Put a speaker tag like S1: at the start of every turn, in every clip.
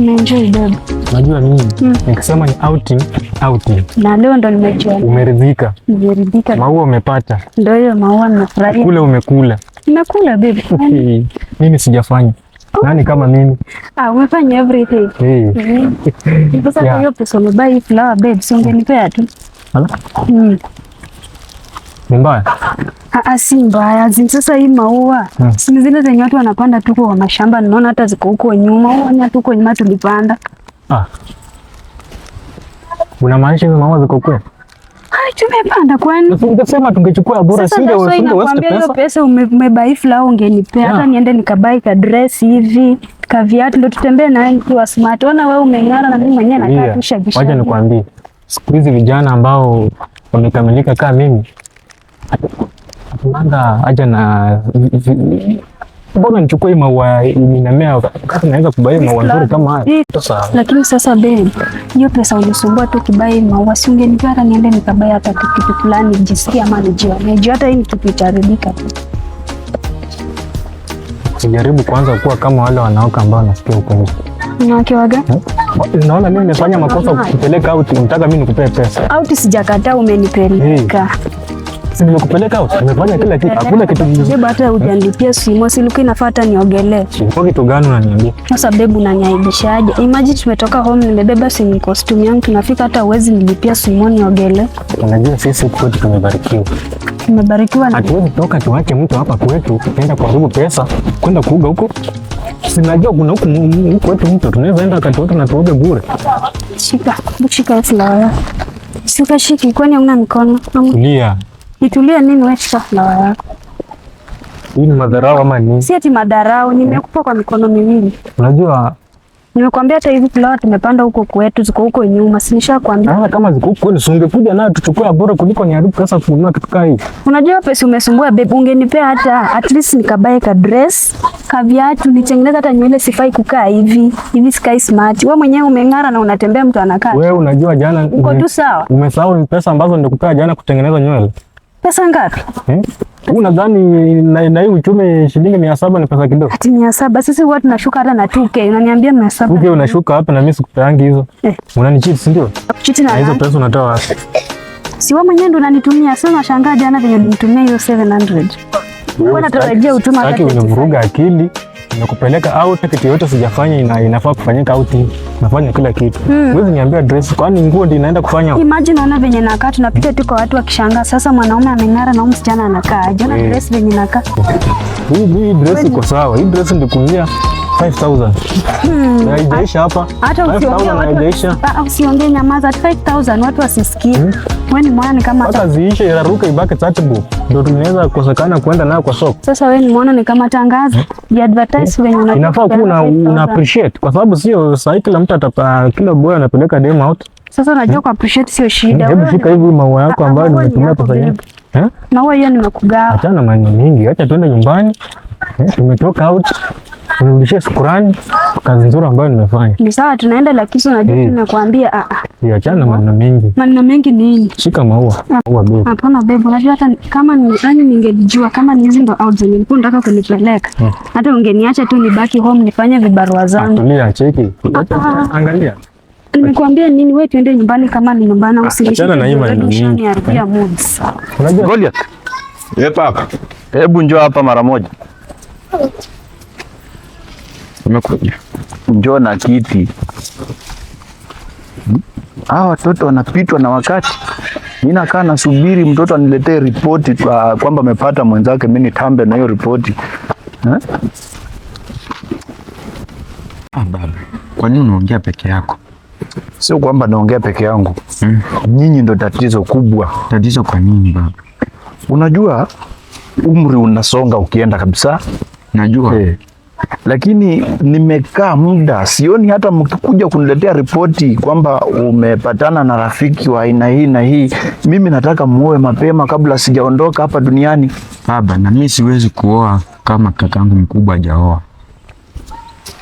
S1: Najua nini?
S2: Mm. Nikisema ni outing, outing.
S1: Na leo ndo nimejua.
S2: Umeridhika?
S1: Nimeridhika.
S2: Maua umepata?
S1: Ndio hiyo maua nimefurahia.
S2: Kule umekula?
S1: Nimekula baby.
S2: Mimi sijafanya. Nani kama mimi?
S1: Ah, umefanya everything.
S2: Hmm.
S1: Sasa hiyo pesa umebai flower babe, si ungenipea tu. Mbaya? Ah, ah, si mbaya. zin. Sasa hii maua hmm, si zile zenye watu wanapanda tu kwa mashamba, naona hata ziko huko nyuma, unaona tu nyuma tulipanda.
S2: Ah. Unamaanisha hizo maua ziko kweli?
S1: Hai, tumepanda kwani?
S2: Ungesema tungechukua bora sasa, singe wewe tunge waste pesa. Hiyo
S1: pesa umebaifla au ungenipea hata ah. niende nikabai ka dress hivi, ka viatu ndio tutembee na wewe ukiwa smart. Ona wewe umeng'ara na mimi mwenyewe nakaa kisha kisha.
S2: Wacha nikwambie. Siku hizi vijana ambao wamekamilika kama mimi Hatunanga aja na mbona nichukue maua inamea wakati naweza kubai maua nzuri kama haya.
S1: Lakini sasa babe, hiyo pesa ulisumbua tu kibai maua, si ungenipea hata niende nikabai hata kitu fulani jisikia ama nijione. Najua hata hii kitu itaharibika tu.
S2: Sijaribu kuanza kuwa kama wale wanawake ambao nasikia huko nje.
S1: Wanawake waga? Hmm?
S2: Naona mimi nimefanya makosa kukupeleka auti, unataka mimi nikupee pesa?
S1: Auti sijakataa umenipeleka
S2: si nimekupeleka house, nimefanya kila kitu, eh, hakuna kitu eh, kizuri.
S1: Babu, hata hujanilipia simu, si ilikuwa inafaa hata niogelee.
S2: Kwa kitu gani unaniambia
S1: sasa? Babu, unaniaibishaje? Imagine tumetoka home, nimebeba simu, costume yangu, tunafika, hata huwezi nilipia simu niogelee.
S2: Unajua sisi kwetu tumebarikiwa
S1: tumebarikiwa na
S2: hatuwezi toka tuache mtu hapa kwetu kwenda kuharibu pesa kwenda kuuga huko. Sinajua kuna huku kwetu mtu tunaweza enda wakati na tuoge bure.
S1: Shika shika, flower kwani hauna mikono?
S2: Tulia.
S1: Nitulie nini wewe, chukua flower yako.
S2: Hii ni madharau ama nini? Si
S1: ati madharau, nimekupa kwa mikono miwili. Unajua? Nimekuambia hata hivi flower tumepanda huko kwetu, ziko huko nyuma. Si nishakwambia.
S2: Ah, kama ziko huko kwenu, ungekuja nayo tuchukue bora kuliko niharibu pesa kununua kitu kai.
S1: Unajua pesa umesumbua babe, ungenipea hata at least nikabaye ka dress, ka viatu, nitengeneza hata nywele sifai kukaa hivi. Hivi sky smart. Wewe mwenyewe umeng'ara na unatembea mtu anakaa. Wewe
S2: unajua jana.
S1: Uko tu sawa.
S2: Umesahau ni pesa ambazo nilikupea jana kutengeneza nywele.
S1: Pesa ngapi? Eh?
S2: Unadhani na, na hii uchumi shilingi mia saba ni pesa kidogo? Ati
S1: mia saba sisi huwa tunashuka hata na 2K. Unaniambia mia saba. 2
S2: unashuka hapa na mimi sikupeangi hizo. Eh. Unani cheat si ndio? Cheat na hizo pesa unatoa wapi?
S1: Si wewe mwenyewe ndo unanitumia. Sasa nashangaa jana venye nitumia hiyo 700. Wewe unatarajia utuma hata.
S2: Sitaki univuruga akili nimekupeleka out, kitu yote sijafanya ina, inafaa kufanyika out, nafanya kila kitu mm. Wewe niambia dress, kwani nguo ndio inaenda kufanya?
S1: Imagine unaona venye nakaa, tunapita tu kwa watu wakishangaa, sasa mwanaume ameng'ara na msichana anakaa, jana eh. dress venye nakaa
S2: hii dress iko sawa, hii dress ndikunia 5000. Hmm. Haijaisha hapa. Hata usiongee,
S1: ah, ah, usiongee, nyamaza. 5000 watu wasisikie. Hmm? Wewe ni mwana kama
S2: hata ziishe iraruka ibaki 30 ndio tunaweza kukosekana kwenda nayo kwa soko. Sasa
S1: wewe ni mwana ni kama tangazo, ya advertise wenye unataka.
S2: Inafaa kuwa una appreciate kwa sababu sio sahihi kila mtu atapa kila boy anapeleka dem out.
S1: Sasa unajua ku appreciate sio shida. Hebu
S2: shika hivi maua yako ah, ambayo nimetumia pesa yangu.
S1: Na wewe hiyo nimekugawa.
S2: Achana maneno mingi, acha tuende nyumbani. Tumetoka out nirudishie shukurani kazi nzuri ambayo nimefanya.
S1: Ni sawa, tunaenda lakini unajua tunakwambia a a.
S2: Achana na eh. ah, ah. maneno mengi.
S1: Maneno mengi nini?
S2: Shika maua. Maua bebe.
S1: Hapana bebe, unajua hata kama ni yani ningejua kama ni hizo ndo out zone nilikuwa nataka kunipeleka. Eh. Hata ungeniacha tu nibaki home nifanye vibarua ah, zangu.
S2: Tulia cheki. Angalia.
S1: Nimekuambia nini wewe, tuende nyumbani kama ni nyumbani au
S2: sisi. Achana na hii maneno mengi. Eh. Unajua? Goliath. Yep, hapa. Hebu njoo hapa mara moja. Umekuja njoo na kiti. Hmm? Hawa watoto wanapitwa na wakati. Mimi nakaa nasubiri mtoto aniletee ripoti kwa ah, kwamba amepata
S3: mwenzake, mimi nitambe na hiyo ripoti eh? Ah, baba, kwa nini unaongea peke yako?
S2: Sio kwamba naongea peke yangu hmm. Nyinyi ndo tatizo kubwa.
S3: Tatizo kwa nini baba?
S2: Unajua umri unasonga ukienda kabisa.
S3: Najua hey. Eh
S2: lakini nimekaa muda sioni hata mkikuja kuniletea ripoti kwamba umepatana na rafiki wa aina hii na hii. Mimi nataka muoe mapema kabla sijaondoka hapa duniani.
S3: Baba, na mimi siwezi kuoa kama kakangu mkubwa hajaoa.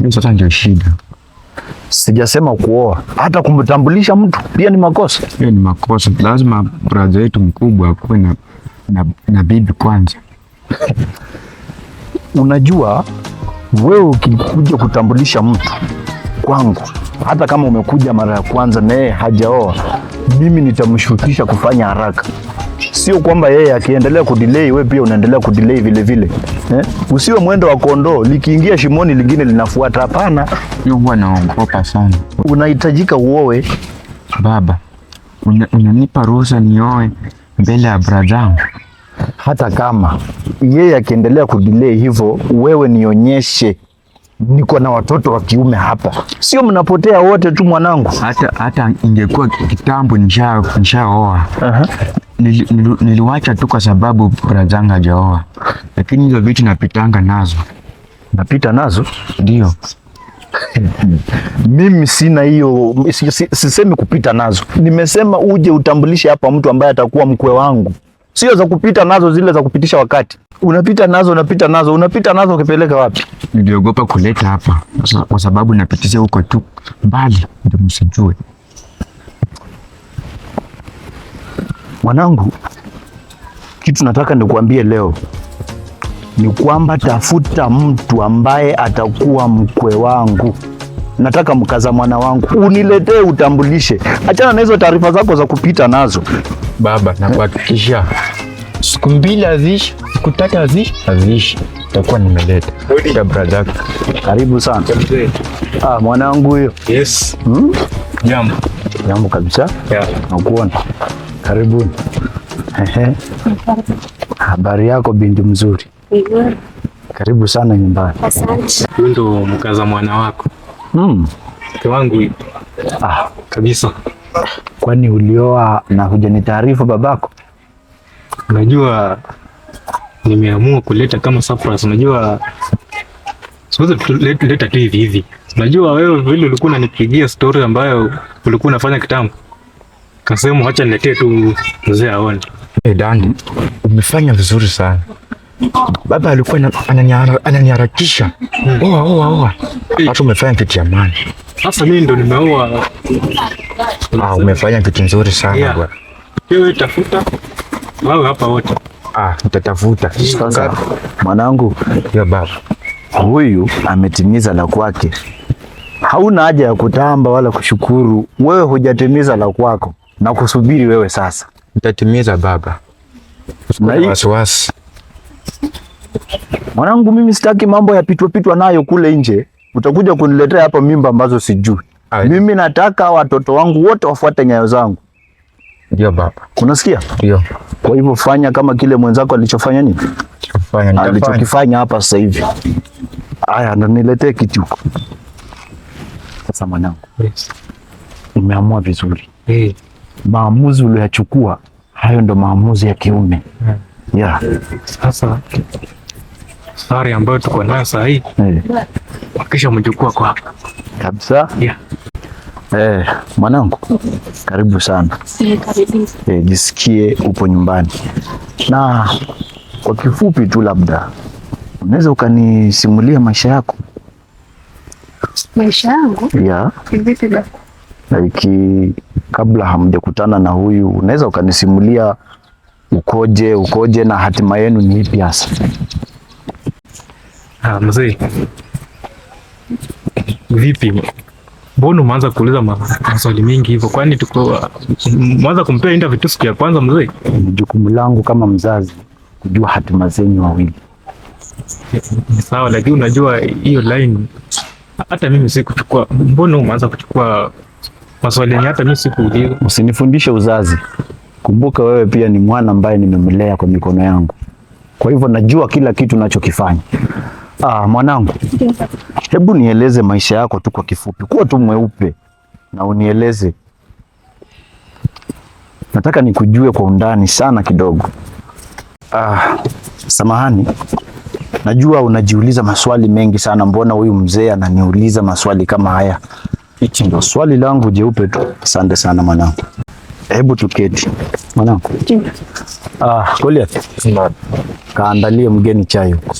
S3: Mimi sasa ndio shida.
S2: Sijasema kuoa, hata kumtambulisha mtu pia ni makosa. Hiyo
S3: ni makosa. Lazima braza yetu mkubwa akuwe na, na, na bibi kwanza.
S2: Unajua wewe ukikuja kutambulisha mtu kwangu, hata kama umekuja mara ya kwanza na yeye hajaoa, mimi nitamshukisha kufanya haraka. Sio kwamba yeye akiendelea kudelay wewe pia unaendelea kudelay vile vile eh? Usiwe mwendo wa kondoo likiingia shimoni lingine linafuata. Hapana,
S3: hiyo huwa naogopa sana.
S2: Unahitajika uoe.
S3: Baba, unanipa una ruhusa nioe mbele ya bradhangu?
S2: hata kama yeye akiendelea kudelay hivyo, wewe nionyeshe niko na watoto wa kiume hapa, sio mnapotea wote tu mwanangu. Hata
S3: hata ingekuwa kitambo nishaoa nisha uh -huh. Nil, nil, niliwacha tu kwa sababu brazanga hajaoa, lakini hizo vitu napitanga nazo,
S2: napita nazo ndio mimi sina hiyo, sisemi kupita nazo, nimesema uje utambulishe hapa mtu ambaye atakuwa mkwe wangu sio za kupita nazo, zile za kupitisha wakati. Unapita nazo unapita nazo unapita nazo, ukipeleka wapi?
S3: Niliogopa kuleta hapa kwa sababu napitisha huko tu mbali, ndio msijue.
S2: Mwanangu, kitu nataka nikuambie leo ni kwamba tafuta mtu ambaye atakuwa mkwe wangu. Nataka mkaza mwana wangu uniletee utambulishe. Achana na hizo taarifa zako za kupita nazo.
S3: Baba, nakuhakikishia siku mbili azishi, siku tatu azishi,
S2: azishi takuwa nimeleta ta brada. Karibu sana ah, mwanangu huyo.
S4: Yes. Hmm? Jambo.
S2: Jambo kabisa. Yeah. Nakuona. Karibuni. Habari yako binti mzuri? Karibu sana nyumbani. Asante.
S4: Ndo mkaza mwana wako? Mm. Mke wangu.
S2: Ah, kabisa. Kwani ulioa na hujanitaarifu babako?
S4: Unajua nimeamua kuleta kama surprise. Unajua siwezi kuleta tu hivi hivi. Unajua wewe vile ulikuwa unanipigia story ambayo ulikuwa unafanya kitambo, kasema acha niletee tu mzee aone.
S2: Hey, Dani, umefanya vizuri sana. Baba alikuwa ananiharakisha. Hmm. Oa oa oa. Hata umefanya kitu ya maana.
S4: Sasa mimi ndo nimeua.
S2: Ah, umefanya kitu nzuri sana yeah. Bwana.
S4: Wewe tafuta. Wao hapa wote.
S2: Ah, nitatafuta. Sasa mwanangu, ya baba. Huyu ametimiza la kwake. Hauna haja ya kutamba wala kushukuru. Wewe hujatimiza la kwako na kusubiri wewe sasa.
S3: Nitatimiza baba. Wasiwasi.
S2: Mwanangu, mimi sitaki mambo yapitwa pitwa nayo kule nje utakuja kuniletea hapa mimba ambazo sijui. Mimi nataka watoto wangu wote wafuate nyayo zangu. Ndio baba. Unasikia? Ndio. Kwa hivyo fanya kama kile mwenzako alichofanya nini? Alichofanya. Alichokifanya hapa sasa hivi. Aya, ndo niletee kichuko. Sasa mwanangu. Yes. Umeamua vizuri. Hey. Maamuzi uliyochukua hayo ndo maamuzi ya kiume. Yeah. Yeah.
S4: Sasa safari ambayo tuko nayo saa hii wakisha eh. umechukua kwako
S2: kabisa. Yeah. Eh, mwanangu karibu sana eh, jisikie upo nyumbani. Na kwa kifupi tu, labda unaweza ukanisimulia maisha yako?
S1: Maisha yangu?
S2: Yeah. Iki kabla hamjakutana na huyu, unaweza ukanisimulia ukoje ukoje na hatima yenu ni ipi hasa?
S4: Ah, mzee vipi? Mbona umeanza kuuliza maswali mengi hivyo? Kwani tuko mwanza kumpea interview tu siku ya kwanza mzee?
S2: Jukumu langu kama mzazi kujua hatima zenu wawili.
S4: Sawa, lakini unajua hiyo line hata mimi sikuchukua. Mbona umeanza kuchukua maswali yenye hata mimi sikuuliza?
S2: Usinifundishe uzazi. Kumbuka wewe pia ni mwana ambaye nimemlea kwa mikono yangu, kwa hivyo najua kila kitu nachokifanya. Ah, mwanangu, hebu nieleze maisha yako tu kwa kifupi, kuwa tu mweupe na unieleze. Nataka nikujue kwa undani sana kidogo. Ah, samahani, najua unajiuliza maswali mengi sana. Mbona huyu mzee ananiuliza maswali kama haya? Hichi ndio swali langu jeupe tu. Asante sana mwanangu. Hebu tuketi mwanangu. Ah, Goliath, kaandalie mgeni chai huko.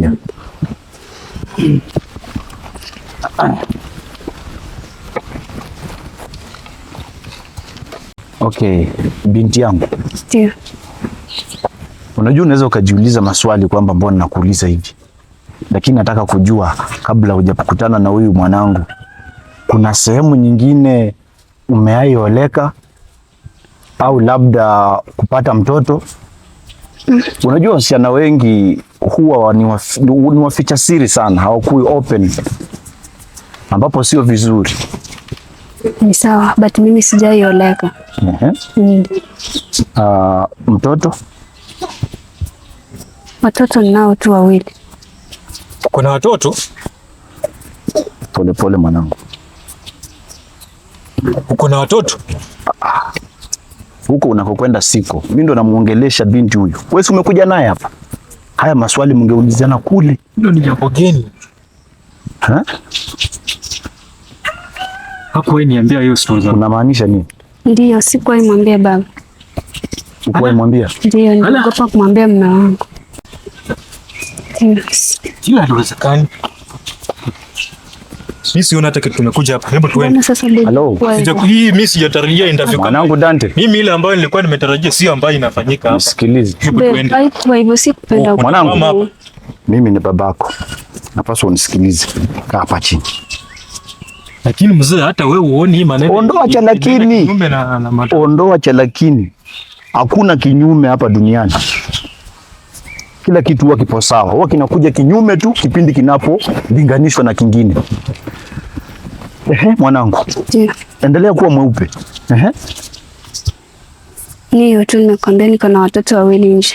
S2: Yeah. Okay, binti yangu. Ndio. Unajua unaweza ukajiuliza maswali kwamba mbona nakuuliza hivi, lakini nataka kujua kabla hujakutana na huyu mwanangu, kuna sehemu nyingine umeaioleka au labda kupata mtoto? Mm. Unajua wasichana wengi huwa ni waficha siri sana, hawakui open, ambapo sio vizuri.
S1: Ni sawa, but mimi sijaioleka.
S2: mm. Uh, mtoto
S1: watoto ninao tu wawili.
S4: Kuna watoto?
S2: Polepole mwanangu,
S4: uko na watoto ah,
S2: huko unakokwenda siko. Mimi ndo namuongelesha binti huyu, wewe umekuja naye hapa Haya maswali mngeulizana kule. Hilo
S4: ni jambo geni. Ha? Hakuwahi niambia hiyo story.
S2: Unamaanisha nini?
S1: Ndio, sikuwahi mwambia baba.
S2: Ukuwahi mwambia?
S1: Ndio, niliogopa kumwambia mume wangu.
S4: Hilo haliwezekani. Mimi sioni hata kitu tumekuja hapa. Hebu tuende. Hello. Hii mimi sijatarajia interview. Mwanangu Dante. Mimi ile ambayo nilikuwa nimetarajia sio ambayo inafanyika hapa.
S2: Hebu
S1: tuende. Hivyo oh,
S2: Mwanangu. Mimi ni babako. Napaswa unisikilize. Kaa hapa chini.
S4: Lakini mzee, hata wewe uone hii maneno.
S2: Ondoa cha lakini. Ondoa cha lakini. Hakuna kinyume hapa duniani kila kitu huwa kipo sawa, huwa kinakuja kinyume tu kipindi kinapolinganishwa na kingine. Ehe, mwanangu, yeah. Endelea kuwa mweupe. Ehe.
S1: Niyo tu nakwambia, niko na watoto wawili nje.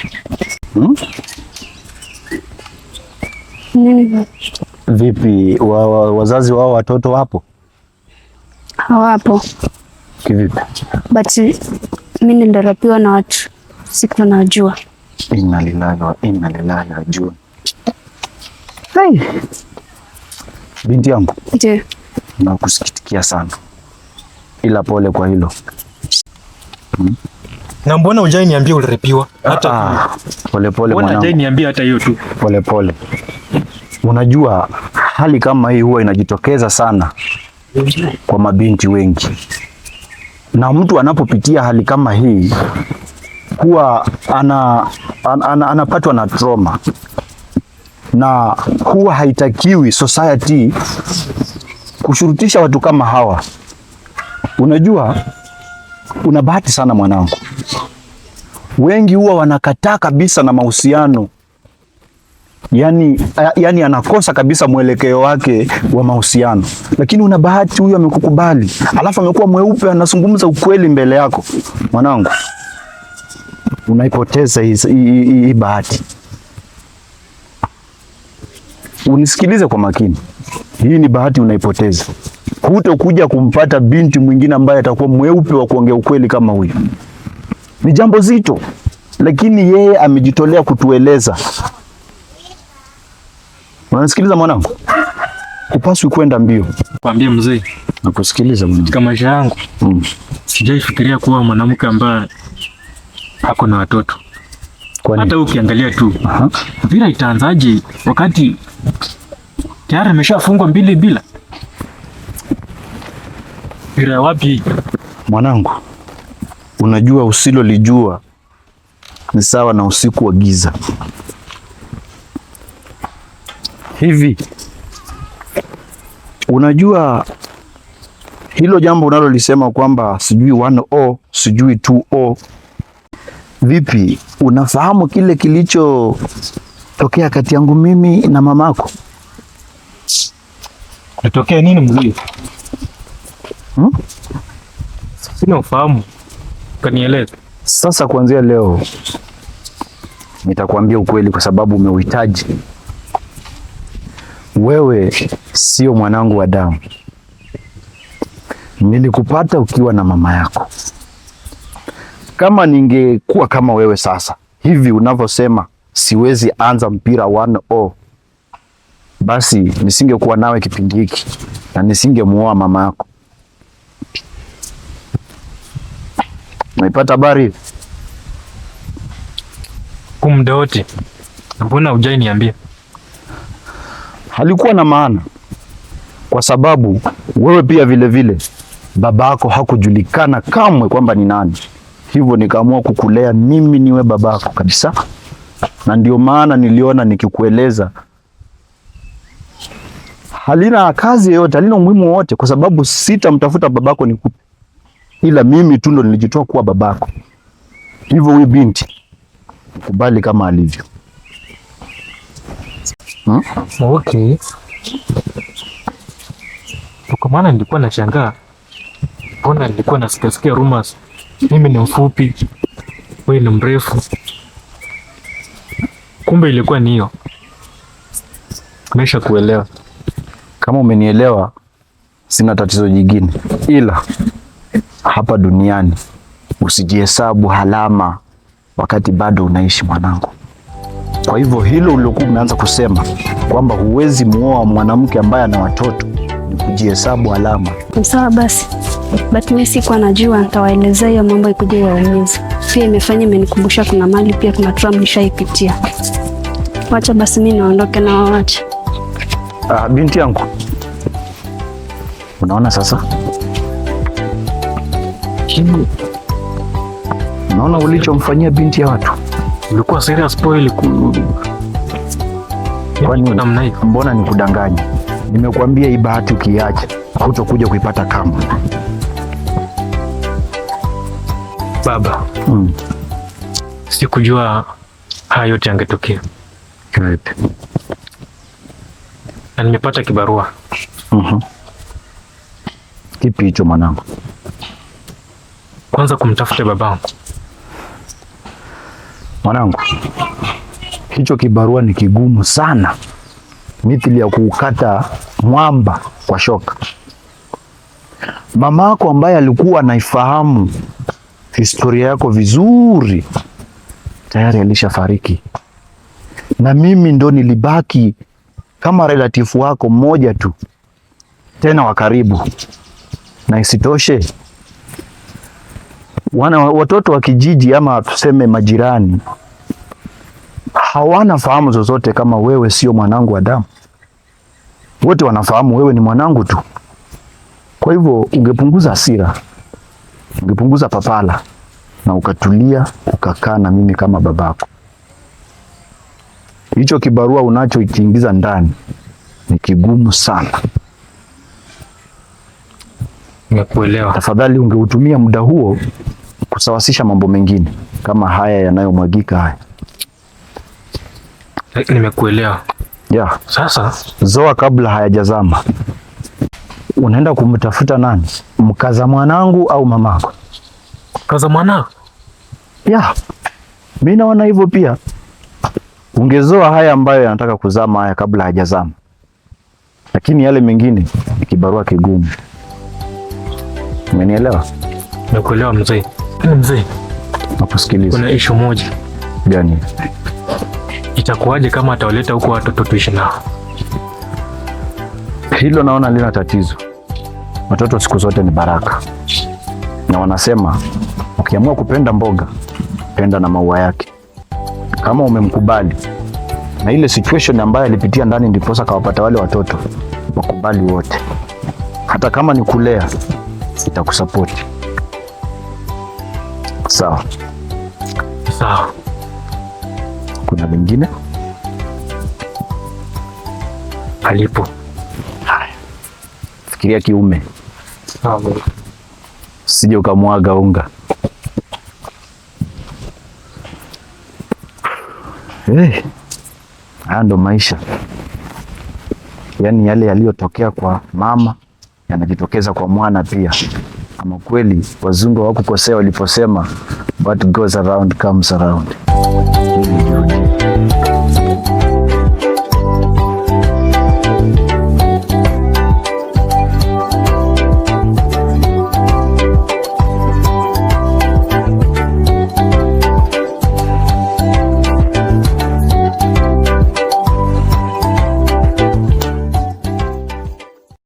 S2: hmm? Vipi wa, wa, wazazi wao watoto wapo?
S1: Hawapo. Kivipi? But mimi nilidarapiwa na watu, siku najua
S2: Inna lillahi wa inna ilaihi rajiun. Hey. Binti yangu nakusikitikia sana, ila pole kwa hilo
S4: hmm? Na mbona ujai niambia ulirepiwa?
S2: Hata polepole ah, mwanangu, hujai niambia hata hiyo tu polepole. Unajua hali kama hii huwa inajitokeza sana kwa mabinti wengi, na mtu anapopitia hali kama hii huwa ana, an, an, anapatwa na trauma na huwa haitakiwi society kushurutisha watu kama hawa. Unajua, una bahati sana mwanangu, wengi huwa wanakataa kabisa na mahusiano yani, yani anakosa kabisa mwelekeo wake wa mahusiano, lakini una bahati, huyu amekukubali, alafu amekuwa mweupe, anazungumza ukweli mbele yako mwanangu unaipoteza hii bahati. Unisikilize kwa makini, hii ni bahati unaipoteza. Hutokuja kumpata binti mwingine ambaye atakuwa mweupe wa kuongea ukweli kama huyu. Ni jambo zito, lakini yeye amejitolea kutueleza. Unanisikiliza mwanangu? Upaswi kwenda mbio.
S4: Kwambie mzee,
S2: nakusikiliza mwanangu. Katika
S4: maisha yangu mm, sijaifikiria kuwa mwanamke ambaye ako na watoto hata ukiangalia tu mpira Vira itaanzaje wakati tayari ameshafungwa mbili bila? Vira wapi?
S2: Mwanangu, unajua usilolijua ni sawa na usiku wa giza. Hivi unajua hilo jambo unalolisema kwamba sijui 1 o sijui 2 o Vipi, unafahamu kile kilichotokea kati yangu mimi na mamako?
S4: Natokea nini mzee? Hmm? Sina ufahamu, kanieleza.
S2: Sasa kuanzia leo nitakwambia ukweli, kwa sababu umeuhitaji. Wewe sio mwanangu wa damu, nilikupata ukiwa na mama yako. Kama ningekuwa kama wewe sasa hivi unavyosema, siwezi anza mpira 1-0, basi nisingekuwa nawe kipindi hiki na nisingemuoa mama yako. Naipata habari
S4: kumdoti, mbona hujai niambia?
S2: Halikuwa na maana kwa sababu wewe pia vilevile babako hakujulikana kamwe kwamba ni nani hivyo nikaamua kukulea mimi niwe babako kabisa, na ndio maana niliona nikikueleza halina kazi yoyote, halina umuhimu wote, kwa sababu sitamtafuta babako nikupe, ila mimi tu ndo nilijitoa kuwa babako. Hivyo huyu binti kubali kama alivyo,
S4: hmm? Okay, kwa maana nilikuwa nashangaa, mbona nilikuwa nasikasikia rumors mimi ni mfupi, wewe ni mrefu. Kumbe ilikuwa ni hiyo. Nimesha kuelewa.
S2: Kama umenielewa, sina tatizo jingine, ila hapa duniani usijihesabu halama wakati bado unaishi mwanangu. Kwa hivyo hilo uliokuwa umeanza kusema kwamba huwezi muoa mwanamke ambaye ana watoto ni kujihesabu halama.
S1: Sawa basi but mimi sikuwa najua nitawaelezea hiyo mambo ikuja iwaumize. Pia imefanya imenikumbusha kuna mali pia kuna tram nishaipitia. Wacha basi mimi naondoke na wawacha
S2: Ah, binti yangu, unaona sasa, unaona ulichomfanyia binti ya watu.
S4: Ulikuwa serious boy,
S2: kwani mbona kudanganya Nimekuambia hii bahati ukiacha hutokuja kuipata kama
S4: baba mm. Sikujua haya yote yangetokea na nimepata kibarua.
S2: mm-hmm. Kipi hicho mwanangu?
S4: Kwanza kumtafuta babangu.
S2: Mwanangu, hicho kibarua ni kigumu sana, mithili ya kuukata mwamba kwa shoka. Mama yako ambaye alikuwa anaifahamu historia yako vizuri, tayari alishafariki, na mimi ndo nilibaki kama relatifu wako mmoja tu, tena wa karibu. Na isitoshe wana watoto wa kijiji ama tuseme majirani hawana fahamu zozote kama wewe sio mwanangu wa damu. Wote wanafahamu wewe ni mwanangu tu. Kwa hivyo ungepunguza hasira ungepunguza papala na ukatulia ukakaa na mimi kama babako. Hicho kibarua unacho ndani ni kigumu sana.
S4: Nimekuelewa.
S2: Tafadhali ungeutumia muda huo kusawasisha mambo mengine kama haya yanayomwagika haya.
S4: Nimekuelewa. Yeah. Sasa
S2: zoa kabla hayajazama, unaenda kumtafuta nani? mkaza mwanangu au mamako?
S4: Mkaza mwanako
S2: ya mi naona hivyo pia. Ungezoa haya ambayo yanataka kuzama haya kabla hajazama, lakini yale mengine ni kibarua kigumu. Umenielewa?
S4: Nakuelewa mzee. Mzee,
S2: nakusikiliza. Kuna ishu moja. Gani?
S4: Itakuwaje kama atawaleta huko watoto tuishi nao?
S2: Hilo naona lina tatizo. Watoto siku zote ni baraka, na wanasema ukiamua kupenda mboga penda na maua yake. Kama umemkubali na ile situation ambayo alipitia ndani, ndiposa kawapata wale watoto, wakubali wote, hata kama ni kulea, itakusapoti sawa sawa. Kuna mengine alipo Shikilia kiume, usije ukamwaga unga. Hey, eh, haya ndo maisha, yaani yale yaliyotokea kwa mama yanajitokeza kwa mwana pia. Ama kweli wazungu hawakukosea waliposema what goes around comes around.